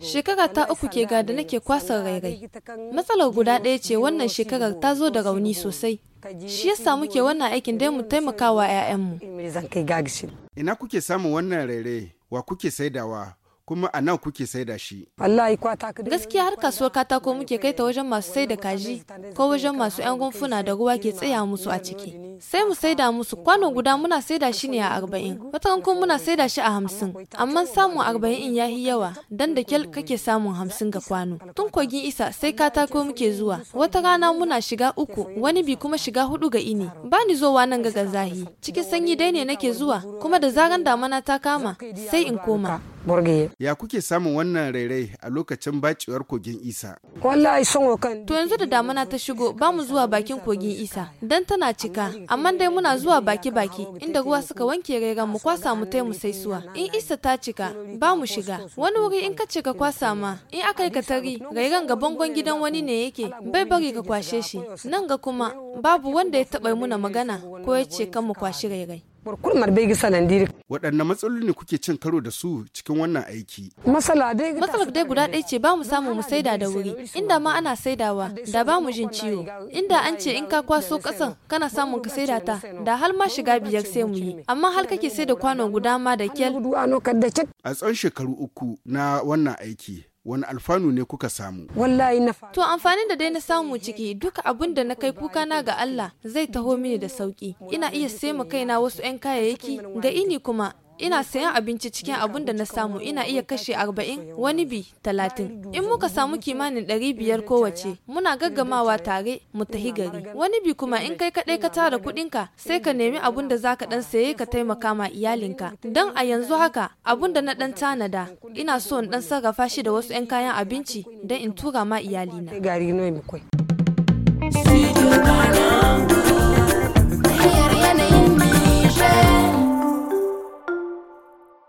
Shekara ta uku ke ga da nake kwasa rairai. Matsalar guda ɗaya ce wannan shekarar ta zo da rauni sosai. Shi yasa muke wannan aikin dai mu taimakawa 'ya'yanmu. Ina kuke samun wannan rairai wa kuke saidawa kuma a nan kuke saida shi. Gaskiya har kasuwar katako muke kai ta wajen masu sai da kaji ko wajen masu 'yan gunfuna da ruwa ke tsaya musu a ciki. sai mu saida musu kwano guda muna saida shi ne a arba'in Wata kuma muna saida shi a hamsin amma samun arba'in in yahi yawa dan da kyal kake samun hamsin ga kwano tun kogin isa sai katako muke zuwa wata rana muna shiga uku wani bi kuma shiga hudu ga ini ba ni zowa nan ga gazahi. cikin sanyi dai ne nake zuwa kuma da zaran damana ta kama sai in koma Ya kuke samun wannan rairai a lokacin baciwar kogin Isa? Wallahi sun kan. To yanzu da damuna ta shigo ba mu zuwa bakin kogin Isa dan tana cika amma dai muna zuwa baki baki inda ruwa suka wanke rairan mu kwasa mu tai mu sai suwa. In Isa ta cika ba mu shiga wani wuri in ka cika kwasa ma in aka yi ka tari rairan ga bangon gidan wani ne yake bai bari ka kwashe shi nan ga kuma babu wanda ya yi muna magana ko ya ce kan mu kwashi rairai. bai waɗanne matsaloli ne kuke cin karo da su cikin wannan aiki matsalar dai guda ɗaya ce ba mu samu mu saida da wuri inda ma ana saidawa da ba mu jin ciwo inda an ce in ka kwaso ƙasan kana samun ka saida ta da har ma shiga biyar sai mu yi amma har kake saida kwanon kwano guda ma da kyal a tsawon shekaru uku na wannan aiki wani alfanu ne kuka samu wallahi na to amfanin da dai na samu ciki duka abin da na kai kuka na ga Allah zai taho mini da sauki ina iya sai mu kaina wasu 'yan kayayyaki ga ini kuma ina sayan abinci cikin abun da na samu ina iya kashe arba'in wani bi talatin in muka samu kimanin ɗari biyar kowace muna gaggamawa tare mu tahi gari wani bi kuma in kai kaɗai ka tara kuɗinka sai ka nemi abun da zaka ɗan saye ka taimaka ma iyalinka don a yanzu haka abun da na ɗan tanada ina so in ɗan sarrafa shi da wasu 'yan kayan abinci don in tura ma iyalina. Studio